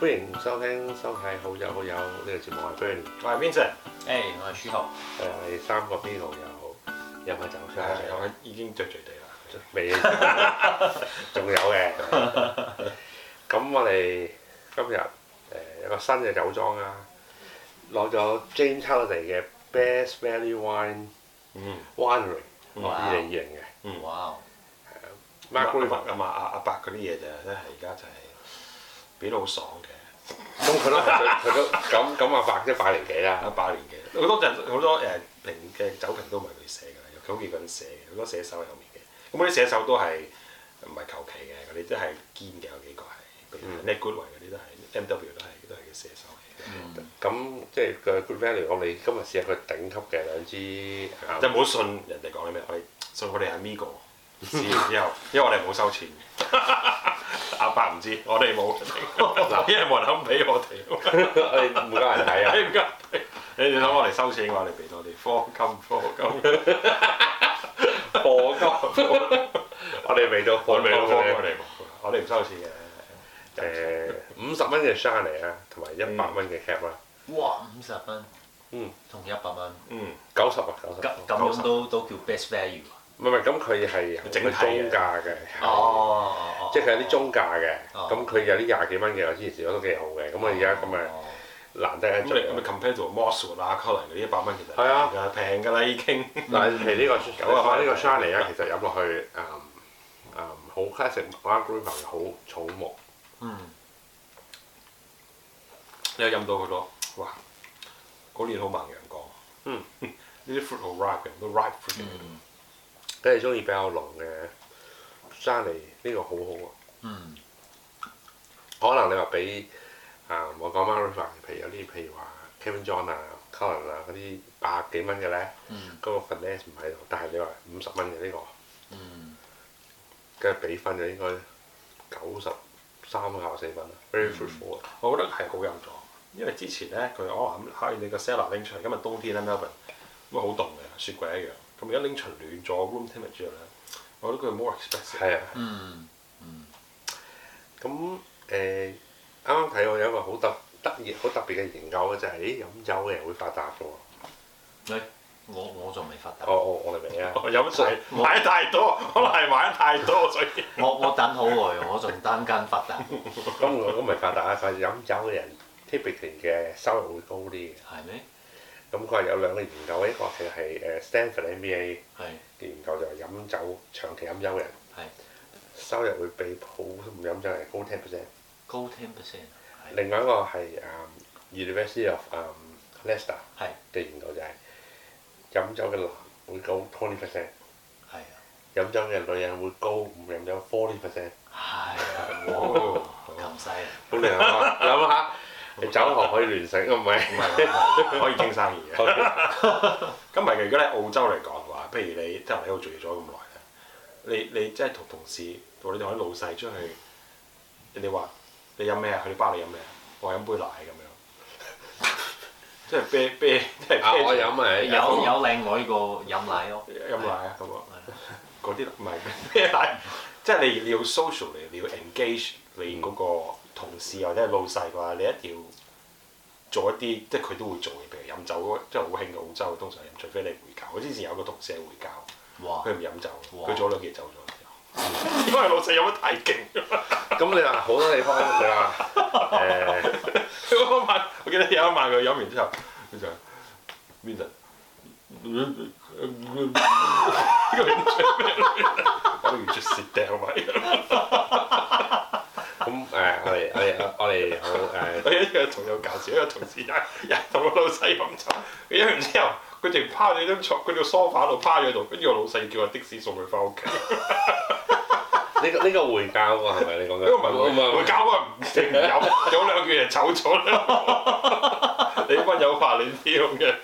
歡迎收聽收睇好友好友呢個節目係 Bernie，我係 Vincent，誒我係書豪，我哋三個邊度又好，有冇酒莊？已經着住地啦，未？仲有嘅。咁我哋今日誒一個新嘅酒莊啊，攞咗 James Halliday 嘅 Best Value Wine Winery，攞二零二零嘅，哇！Margaret 阿伯啊嘛阿阿伯嗰啲嘢就咧係而家就係。俾到好爽嘅，咁佢 都佢都咁咁啊百一百年幾啦，一百年幾，好多陣好多誒評嘅酒評都唔係佢寫嘅啦，有好幾個人寫嘅，好多寫手喺後面嘅，咁嗰啲寫手都係唔係求其嘅，佢哋都係堅嘅有幾個係，咩 Good 威嗰啲都係、嗯、M W 都係都係嘅寫手嚟嘅。咁、嗯、 即係嘅 Good Man 嚟講，你今日試下佢頂級嘅兩支， 即就唔好信人哋講啲咩，可以，信我哋係 Migo，之後， 因為我哋冇收錢 阿伯唔知，我哋冇，啲 人冇人肯俾我哋、 啊，我哋唔夠人睇啊！你唔夠睇，你諗我嚟收錢，我嚟俾多啲，貨金貨金貨金，我哋未到。我未做，我哋唔收錢嘅。誒，五十蚊嘅 Shiraz 啊，同埋一百蚊嘅 Cab 啦。哇！五十蚊，嗯，同一百蚊，嗯，九十啊，九十這樣 90，咁咁都都叫 best value 唔係咁佢係整個中價嘅，即係佢有啲中價嘅。咁佢有啲廿幾蚊嘅，我之前試咗都幾好嘅。咁我而家咁啊難得出嚟咁啊，compare 到 Moss Wood、Cullen 呢一百蚊其實係啊，平㗎啦已經。嗱，譬如呢個咁啊，呢個 Charlie 啊，其實飲落去啊啊，好 classic，organic 好草木。嗯。你有飲到好多哇！嗰年好猛陽光。嗯，呢啲 fruit 好 ripe 嘅，都 ripe fruit 嘅。梗係中意比較濃嘅，沙梨呢個好好啊，嗯。可能你話比啊、呃，我講 a r a 譬如有啲，譬如話 Kevin John 啊、Colin 啊嗰啲百幾蚊嘅呢，嗯。嗰個 Fines 唔喺度，但係你話五十蚊嘅呢個。嗯。嘅比分就應該九十三啊四分啦，very fruitful、啊嗯、我覺得係好有左，因為之前呢，佢哦咁開你個 cellar 拎出嚟，今日冬天啦，Melbourne，咁啊好凍嘅，雪櫃一樣。咁而家拎場亂咗，room temperature 我覺得佢 more expressive 係啊，嗯，嗯。咁唉、嗯，啱啱睇過有一個好特得意、好特別嘅研究嘅就係、是，飲酒嘅人會發達嘅你、欸、我我仲未發達、哦。我達我我未啊！飲醉，買太多，可能係買太多所以。 我我等好耐，我仲單間發達。咁、 嗯、我都未發達啊！快、 嗯、飲酒嘅人，Typical 嘅收入會高啲嘅。係咩？咁佢係有兩個研究，一個其實係誒 Stanford MBA 嘅研究，就係飲酒長期飲酒嘅人，收入會比普通唔飲酒人高10%。高10%。另外一個係誒 University of Leicester 嘅研究，就係飲酒嘅男人會高20%。係。飲酒嘅女人會高唔飲酒40%。係啊！哇，咁犀利。好靚啊！諗下。你走學可以聯繫，唔係可以傾生意嘅。咁咪，如果喺澳洲嚟講嘅話，不如你即係喺度做嘢咗咁耐，你你即係同同事，同你哋啲老細出去，你哋話你飲咩啊？佢哋包你飲咩啊？我飲杯奶咁樣，即係啤啤，即係。啊，我飲嚟。有有另外一個飲奶咯。飲奶啊，係嗰啲唔係咩即係你你要 social 嚟，你要 engage 你嗰什麼同事或者老細嘅話，你一定要做一啲即係佢都會做嘅，譬如飲酒嗰，即係好興澳洲通常飲，除非你回教。我之前有個同事係回教，佢唔飲酒，佢早兩幾日走咗。因為老細飲得太勁。咁 AKE MY agrees 你話好多地方你話誒，佢嗰晚我記得有一晚佢飲完之後，佢就邊陣？我會 apparatus just sit down 咁誒、 哎，我哋我哋我我哋好誒，我有、哎、 一個同事，一個同事又又同老老個，個老細飲茶，飲完之後佢仲趴喺張床，佢條梳化度趴咗喺度，跟住我老細叫個的士送佢翻屋企。呢 個呢個回教喎係咪你講嘅？呢 個唔係唔係回教啊，唔成友，講 兩句就走咗啦。 你不有怕你啲咁嘅？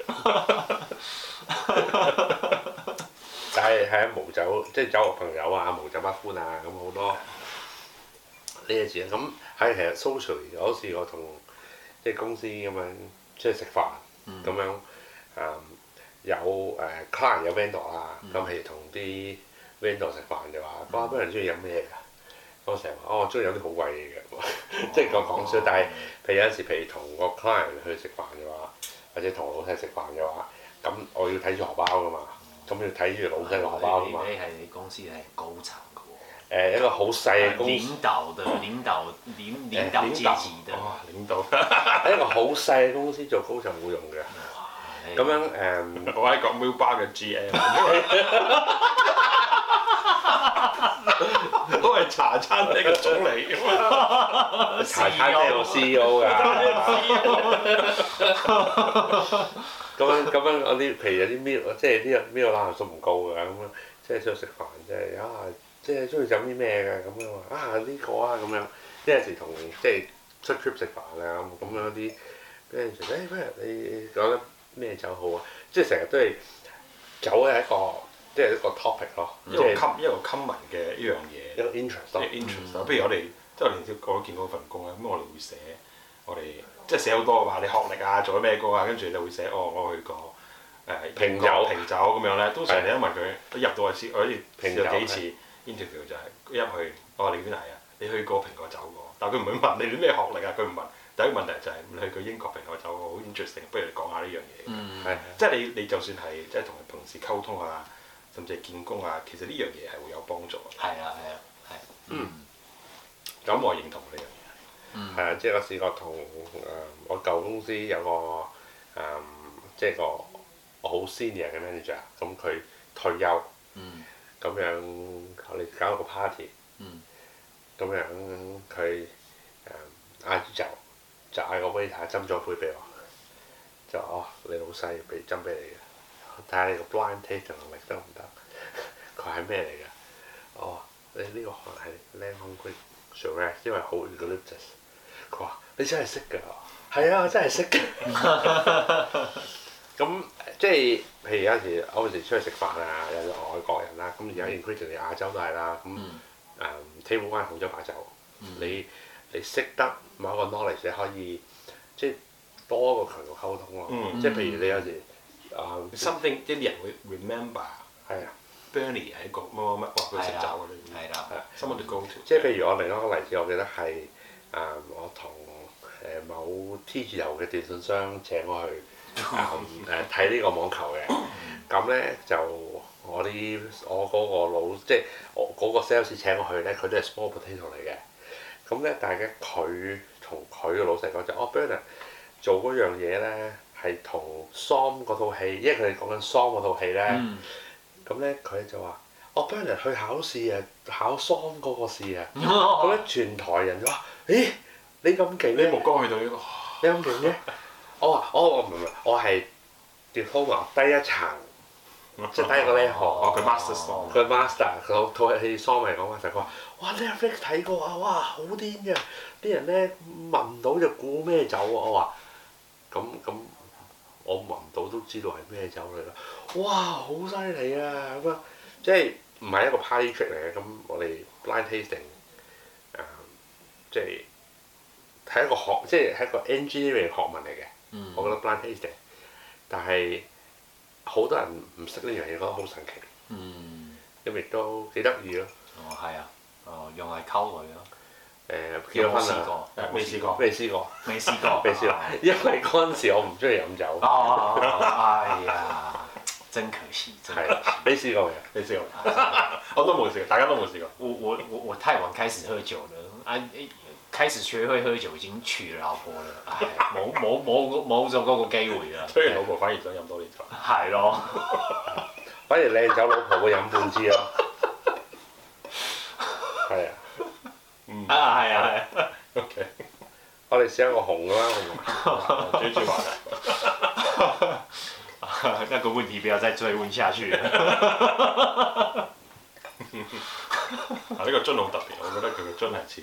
就係係啊，無酒即酒肉朋友啊，無酒不歡啊，咁好多。呢個字咁喺其實 social 有時我同即係公司咁樣出去食飯咁、嗯、樣誒有誒 client 有 vendor 啦、嗯，咁係同啲 vendor 食飯就話，嗯、哇，啲人中意飲咩㗎？我成日話，哦，我中意飲啲好貴嘅嘢，即係講講笑。但係譬如有時譬如同個 client 去食飯嘅話，或者同老細食飯嘅話，咁我要睇住荷包㗎嘛，咁、嗯、要睇住老細嘅荷包㗎嘛。呢係、嗯就是、你，你，你，你公司係高層。誒一個好細嘅公司，領導的領導領領導自己的，哇！領導、哦，一個好細嘅公司做高層冇用嘅。咁樣誒，um, 我喺講 Miu Bar 嘅 G M，都係 茶餐廳嘅總理， 茶餐廳有 C E O 㗎，咁樣咁樣，我啲譬如有啲 m 即係啲人 Miu 冷鹹素唔夠㗎，咁樣即係想食飯，真係啊！即係中意飲啲咩㗎咁啊！啊、這、呢個啊咁樣，即係陣時同即係出 trip 食飯啊咁咁樣啲，即係陣時、哎、不如你覺得咩酒好啊？即係成日都係酒係一個，即係一個 topic 咯，嗯就是，一個 common 一個 common 嘅一樣嘢，一個 interest interest 不如我哋即係連接我見過份工啊，咁我哋會寫我哋即係寫好多話，你學歷啊，做咗咩工啊？跟住你會寫哦，我去過誒，呃、評酒評酒咁樣咧，都成日你一問佢，我入到去試，我評過幾次。Interview 就係、是、一去，我、哦、話你點嚟啊？你去過蘋果走過，但係佢唔會問你啲咩學歷啊，佢唔問。第一個問題就係、是、你去過英國蘋果走過好 interesting，不如你講下呢樣嘢。即係、嗯、你你就算係即係同同事溝通啊，甚至係見工啊，其實呢樣嘢係會有幫助。係、嗯、啊，係啊，係、嗯。咁、嗯、我認同呢樣嘢。嗯。啊，即、就、係、是、我試過同、呃、我舊公司有個即係、呃就是、個好 senior 嘅 manager，咁佢退休。嗯咁樣我哋搞個 party，咁樣佢誒嗌住就就嗌個 waiter 斟咗杯俾我，就話哦，你老細俾斟俾你嘅，睇下你個 blind taste 能力得唔得？佢係咩嚟㗎？哦，你呢、哦、個可能係 lemongrass，因為好 eucalyptus，佢話你真係識㗎，係啊，我真係識㗎。咁即係譬如有時我有時出去食飯啊，有外國人啦，咁而家 include 住亞洲都係啦，咁誒，睇好翻澳洲、亞洲，你你識得某一個 knowledge 你可以即係多一個渠道溝通咯，即係譬如你有時啊，something 啲人會 remember 係啊，Bernie 喺一個乜乜乜，哇佢食酒。㗎啦，係啦，係 s 即係譬如我另一個例子，我記得係啊，我同誒某 T 字頭嘅電信商請我去。啊，睇呢、 嗯、個網球嘅，咁呢就我啲我嗰個老，即係我嗰個 sales 請我去咧，佢都係 small potato 嚟嘅。咁呢，但係呢，佢同佢嘅老細講就，哦 Bernard 做嗰樣嘢呢，係同 Song 嗰套戲，因為佢哋講緊 Song 嗰套戲呢。 嗯」咁呢、嗯，佢就話，哦 Bernard 去考試啊，考 Song 嗰個試啊。咁咧、啊嗯、全台人就話，咦，你咁勁？啲目光去到呢個， 你咁勁咩？我話：我我唔明，我係傑夫話低一層，即係低一個 level。 哦，佢的 master 房、哦，佢的 master，佢套套起 some 嚟講，就佢話：哇 Netflix 睇過啊，哇，好癲嘅！啲人咧聞到就估咩酒啊。我話：咁咁，我聞唔到都知道係咩酒嚟啦！哇，好犀利啊！咁啊，即係唔係一個 party trick 嚟嘅？咁我哋 blind tasting、呃、即係係一個學，即係係一個 engineering 學問嚟嘅。我覺得 blind tasting，但係好多人唔識呢樣嘢，覺得好神奇。嗯，因為都幾得意咯。哦，係啊，哦，用嚟溝女咯。誒，未試過，未試過，未試過，未試過。因為嗰陣時我唔中意飲酒。哦，哎呀，真可惜。真係。你試過未？你試過。我都冇試過，大家都冇試過。我我我太晚開始喝酒嘞。開始學會喝酒，已經娶老婆了。冇冇冇冇咗嗰個機會啦。雖 老婆反而想飲多啲，酒。係咯。 反而靚酒老婆會飲半支咯。係 啊，嗯。啊，係啊，係、啊。O Okay . K， 我哋試一個紅啦，我用紅。追住話題，那個問題不要再追問下去。啊， 呢、這個樽好特別，我覺得佢嘅樽係似。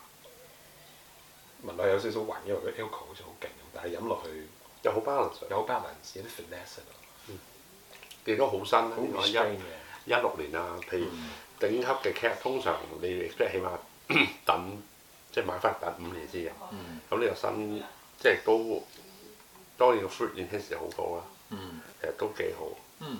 聞落有少少混，因為佢 Elco 好似好勁，但係飲落去又好 balance，又好 balance，有啲 flexing 嗯，亦都好新好 new 嘅一六年啊，譬如頂級嘅 Cab，通常你即係起碼等，即係買翻等五年先飲。咁呢個新即係都當然個 fruit enhance 好多啦。嗯，其實都幾好。嗯。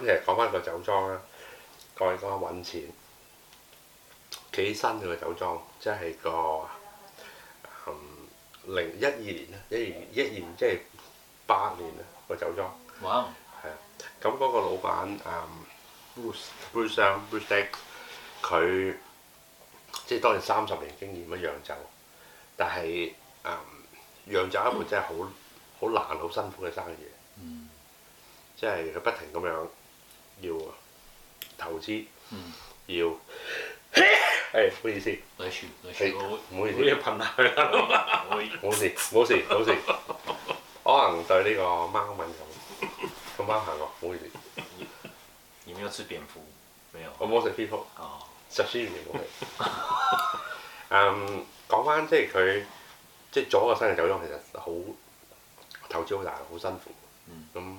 咁其實講翻個酒莊啦，講講揾錢，幾新嘅酒莊，即係個、嗯、零一二年啦，一二年一二年即係八年啦個酒莊。哇 Wow.！係、嗯、啊，咁、那、嗰個老闆啊 Bruce、Bruce、佢、嗯 uh，即係當然三十年經驗一釀酒，但係啊，嗯、釀酒一盤真係好好難、好辛苦嘅生意。嗯、即係佢不停咁樣。要啊，投資，嗯，要，係、欸，唔好意思，唔、嗯欸、好意思，噴下佢，冇事冇事冇事，可能對呢個貓敏感，個貓行過，唔好意思。你沒有吃蝙蝠？沒有，我冇食蝙蝠，食鼠肉冇食。嗯， um, 講返即係佢，即係左個新嘅酒莊其實好投資好大，好辛苦，咁、嗯。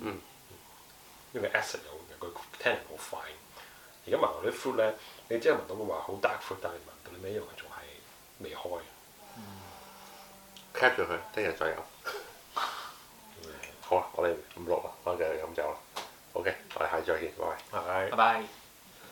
嗯，因為 acid 有嘅，佢聽人好快。而家聞到啲 fruit 咧，你真係聞到會話好 dark fruit，但係聞到你啲咩嘢？仲係未開。嗯，cap 咗佢，聽日再飲。 嗯、好啦，我哋唔錄啦，我哋繼續飲酒啦。OK，我哋下次再見，各位。拜拜。Bye bye. Bye bye.